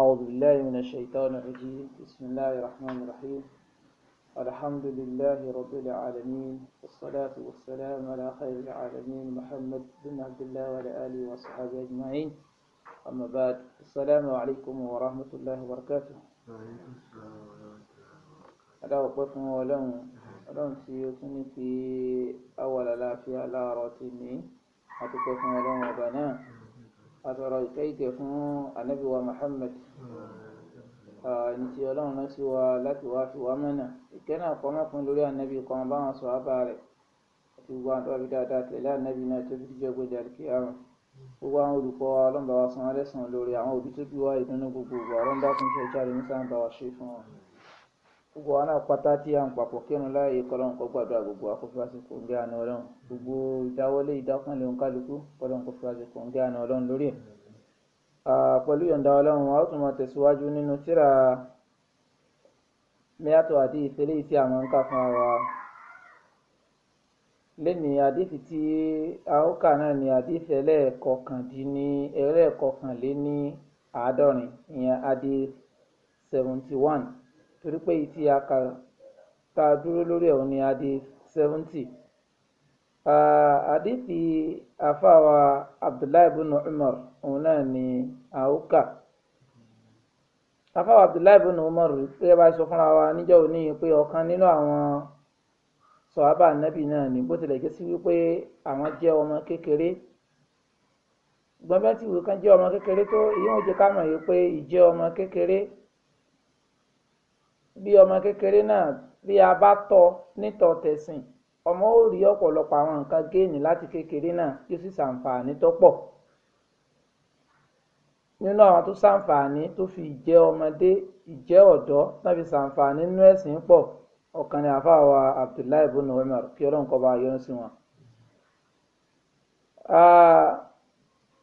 أعوذ بالله من الشيطان الرجيم بسم الله الرحمن الرحيم الحمد لله رب العالمين والصلاة والسلام على خير العالمين محمد بن عبد الله وعلى آله وصحبه أجمعين أما بعد السلام عليكم ورحمة الله وبركاته ألا وقفنا ولم ولم سيوتني في أول لا في على راتني أتقفنا ولم وبنان àtọ̀rọ̀ ìkẹ́yìtẹ̀ fún ànábì wa Muhammad ẹni tí ọlọ́run rán sí wa láti wá fi wá mẹ́nà ìkẹ́ náà kọ́ mọ́kùn lórí ànábì kan báwọn sọ ábà rẹ̀ àti gbogbo àwọn tó wà fi dáadáa tẹ̀lé ànábì náà tó fi díjọ́ gbọ́dọ̀ àlùkìyàmọ̀ gbogbo àwọn olùkọ́ wa san alẹ́ lórí àwọn òbí tó bí wa ìdùnnú gbogbo ọlọ́run dákun iṣẹ́ jáde ní sáà bá wa ṣe fún wọn gbogbo àwọn apáta tí a ń papọ̀ kírun láàyè kọ́lọ́n kó gbàdúrà gbogbo akófí àsìkò ń gé àná ọlọ́run gbogbo ìdáwọlé ìdákànlé òǹkálukú kọ́lọ́n kó fi àsìkò ń gé àná ọlọ́run lórí ẹ̀. pẹ̀lú yọ̀ǹda ọlọ́run a ó tún máa tẹ̀síwájú nínú tírà mẹ́àtọ̀ àti ìfẹ́lẹ́ tí a máa ń kà fún ara lẹ́nìí àdìsí tí a ó kà náà ni àdìsí ẹlẹ́ẹ̀kọkàndínní ẹlẹ́ẹ̀kọkànléní seventy one torí pé èyí tí a kà tá a dúró lórí ẹ̀ ní adé seventy àdìsí àfàwà abdullahi ibn umar òun náà ni àókà àfàwà abdullahi ibn umar gẹ́gẹ́ bá sọ fúnra wa níjọ́ òní pé ọ̀kan nínú àwọn sọ̀hábà nẹ́bì náà ni bó tilẹ̀ jẹ́ sí wípé àwọn jẹ́ ọmọ kékeré gbọ́n bẹ́ẹ̀ tí wọ́n kan jẹ́ ọmọ kékeré tó ìyóò jẹ́ ká mọ̀ yìí pé ìjẹ́ ọmọ kékeré bí ọmọ kékeré náà bí a bá tọ́ nítọ tẹ̀sìn ọmọ ó rí ọ̀pọ̀lọpọ̀ àwọn nǹkan géènì láti kékeré náà yóò sì ṣàǹfààní tó pọ̀ nínú àwọn tó ṣàǹfààní tó fi ìjẹ́ ọmọdé ìjẹ́ ọ̀dọ́ náà fi ṣàǹfààní nínú ẹ̀sìn pọ̀ ọ̀kan ní àfáà wa Abdullahi ibùnú Umar kí Ọlọ́run kó bá yọ́nú sí wọn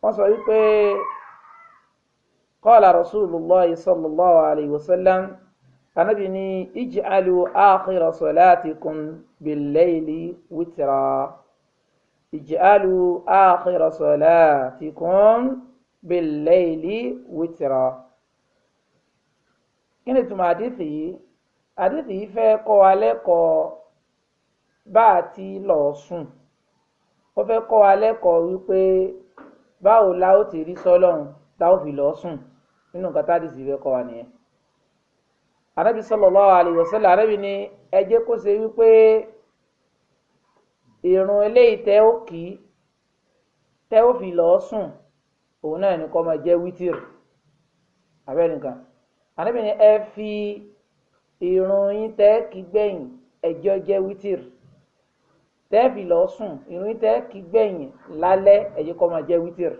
wọ́n sọ wípé qala Rasulullahi sallallahu alayhi wa sallam anabi ni ij'alu akhira salatikum bil-layli witra ij'alu akhira salatikum bil-layli witra. kí ni tuma àdìsí yìí àdìsí yìí fẹ́ kọ́ wa lẹ́kọ̀ọ́ bá a ti lọ sùn ó fẹ́ kọ́ wa lẹ́kọ̀ọ́ wípé báwo la ó ti rí sọ́lọ́run tá fi lọ sùn nínú nǹkan tá àdìsí fẹ́ kọ́ wa nìyẹn anabi sallallahu alayhi wa sallam anabi ni ẹ jẹ́ kó ṣe wípé ìrun eléyìí tẹ ó kì í tẹ ó fi lọ sùn òun náà nìkan máa jẹ́ wítìrì abẹnìkan anabi ni ẹ fi ìrun yín tẹ kí gbẹ̀yìn ẹjọ jẹ́ wítìrì tẹ fi lọ sùn ìrun yín tẹ kí gbẹ̀yìn lálẹ́ ẹ jẹ́ kó máa jẹ́ wítìrì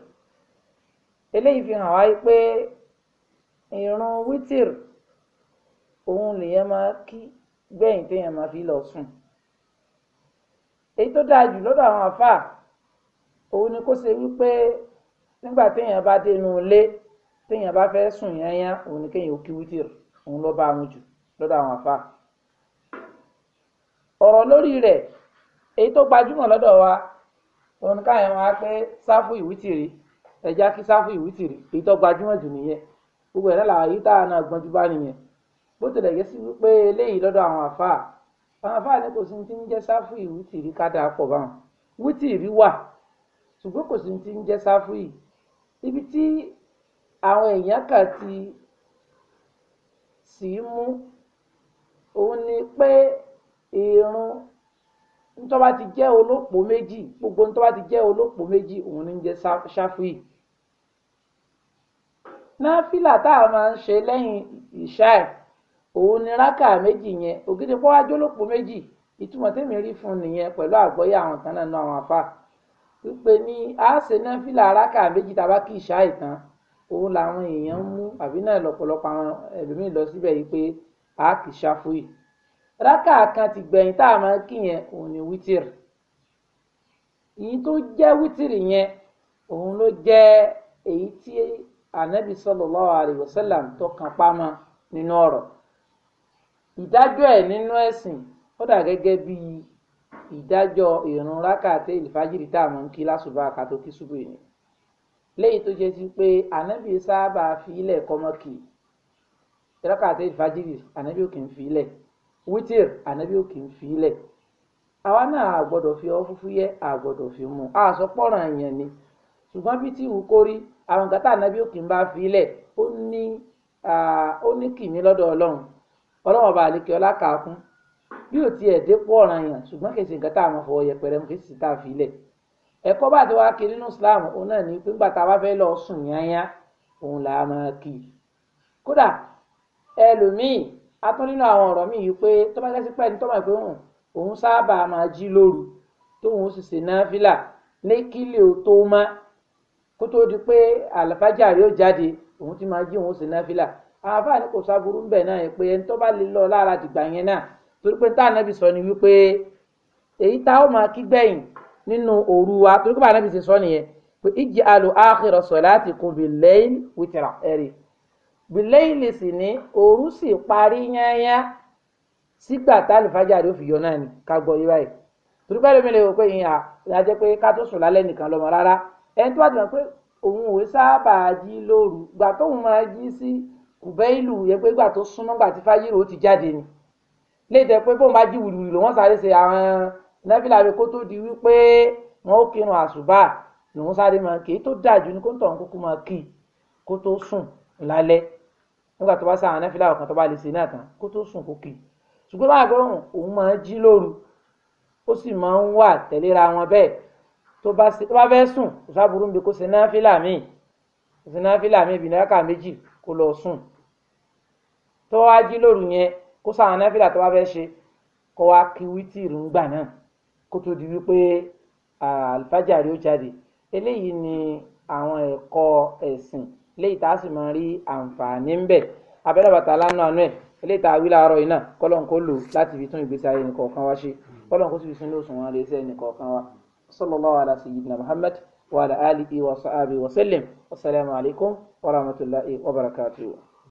eléyìí fi hàn wáyé pé ìrun wítìrì òun nìyẹn máa kí gbẹ̀yìn téèyàn máa fi lọ sùn èyí tó dáa jù lọ́dọ̀ àwọn àfáà òun ni kó ṣe wípé nígbà téèyàn bá dénú ilé téèyàn bá fẹ́ sùn yányá òun ni kéèyàn ó kí wítìrì òun ló bá àwọn jù lọ́dọ̀ àwọn àfáà ọ̀rọ̀ lórí rẹ̀ èyí tó gbajúmọ̀ lọ́dọ̀ wa òun káyọ̀ máa pé sáfù ìwítìrì ẹ̀já kí sáfù ìwítìrì èyí tó gbajúmọ̀ jù nìyẹn gbogbo ẹ̀rẹ́ làwọn yìí tá a náà gbọ́njú bá nìyẹn bó tilẹ̀ yẹ sí wípé eléyìí lọ́dọ̀ àwọn àfáà àwọn àfáà ní kò sí ti ń jẹ́ sáfù yìí wítìrí kádà pọ̀ báwọn wítìrí wà ṣùgbọ́n kò sí ti ń jẹ́ sáfù yìí ibi tí àwọn èèyàn kà ti sì í mú òun ni pé irun ntọ́ba ti jẹ́ olóòpó méjì gbogbo ntọ́ba ti jẹ́ olóòpó méjì òun ni ń jẹ́ sáfù yìí náfìlà tá a máa ń ṣe lẹ́yìn ìṣáì òun ni rákà méjì yẹn ògìdìpọ wá jólópó méjì ìtumọ̀ tèmi rí fún un nìyẹn pẹ̀lú àgbọ́yé àwọn kan náà nu àwọn àfà wípé ní àáṣe náà fìlà rákà méjì tàbá kì í ṣá ìtàn òun làwọn èèyàn mú àbí náà lọ́pọ̀lọpọ̀ àwọn ẹlòmíín lọ síbẹ̀ yìí pé a kì í ṣáfù yìí rákà kan ti gbẹ̀yìn tá a máa kí yẹn òun ni wítìrì èyí tó jẹ́ wítìrì yẹn òun ló jẹ́ èyí tí ànábì sallallahu alaihi wasallam tó kan nínú ọ̀rọ̀ ìdájọ ẹ nínú ẹsìn ó dà gẹgẹ bíi ìdájọ ìrun rákàtẹ ìfàjìrì tá a mọ ń kí lásùbà ká tó kí ṣubú yìí léyìí tó jẹ sí pé ànábì sábà fi ilẹ̀ kọ́mọ́kì rákàtẹ ìfàjìrì ànábì ò kì í fi ilẹ̀ wítìr ànábì ò kì í fi ilẹ̀ àwa náà a gbọ́dọ̀ fi ọwọ́ fúfú yẹ a gbọ́dọ̀ fi mú a sọ pọrọ èèyàn ni ṣùgbọ́n bí tí ìwú kórí àwọn kàtà ànábì ò kì í bá fi ilẹ̀ ó ní ó ní lọ́dọ̀ Ọlọ́run ọlọ́wọ́n bá àlekè ọlá kàákún bí ò tiẹ̀ dépò ọ̀ràn yàn ṣùgbọ́n kèsì nǹkan tá a mọ̀ fọwọ́ yẹpẹrẹ mú kèsì tá a fi lẹ̀ ẹ̀kọ́ bá ti wá kiri nínú Islam òun náà ní pé nígbà tá a bá fẹ́ lọ sùn yányá òun là á máa kì í kódà ẹlòmíì a tún nínú àwọn ọ̀rọ̀ míì pé tó bá kẹ́sí pẹ́ẹ́ni tó mọ̀ pé òun sábà máa jí lóru tóun sì ṣe náfìlà lékílẹ̀ ò tó má kó tó di pé àlàfájà yóò jáde òun ti máa jí òun ṣe náfìlà àáfàá ni kò sáburú ńbẹ náà yẹ pé ẹni tó bá lè lọ lára dìgbà yẹn náà torí pé táà nẹbi sọ ni wípé èyí tá ó máa kí gbẹ̀yìn nínú òru wa torí pé ànábì ti sọ nìyẹn pé ìjì alò àkìrọ salatikum bil-layl wìtìrà ẹrì bil-layl sì ní òru sì parí yányá sígbà tálífàjà rẹ ó náà ni ká gbọ́ yí báyìí torí pé lómi lè wò pé ìyẹn àá pé ká tó sùn lálẹ́ nìkan lọmọ rárá ẹni tó wà tó mọ pé òun ò sábà jí lóru gbà tóun máa jí sí. Si, kùbẹ́ìlù yẹ pé gbà tó súnmọ́ gbà tí fáyírò ti jáde ni léde pé bóun bá jí wùlùwùlù lòun sáré ṣe àwọn náfìlà rẹ kó tó di wípé wọn ó kírun àṣùbà lòun sáré máa kì í tó dájú ní kó ń tọ̀ ń kúkú máa kì í kó tó sùn lálẹ́ nígbà tó bá sá àwọn náfìlà ọ̀kan tó bá lè ṣe náà tán kó tó sùn kó kì í ṣùgbọ́n máa gbọ́ òun máa jí lóru ó sì máa ń wà tẹ̀léra wọn bẹ́ẹ̀ tó bá fẹ́ sùn kò ń bi kó ṣe náfìlà míì kó ṣe náfìlà míì bìnnáfìlà méjì tó wá jí lóru yẹn kó sáà náfìlà tó wá fẹ́ ṣe kó wá kí wítìrì ńgbà náà kó tó di wípé àlùfájàrí ó jáde eléyìí ni àwọn ẹ̀kọ́ ẹ̀sìn léyìí tá a sì máa rí àǹfààní ń bẹ abẹ́rẹ́ bàtà lánàá àánú ẹ̀ eléyìí tá a wí láàárọ̀ yìí náà kọ́lọ́n kó lò láti fi tún ìgbésí ayé nìkọ̀ọ̀kan wá ṣe kọ́lọ́n kó sì fi sún lóṣùwọ̀n àrẹ iṣẹ́ nìkọ̀ọ̀kan wá sallallahu ala sayyidina muhammad wa ala alihi wa sahbihi wa sallam wasalaamu wa rahmatulahi wa barakatuhu.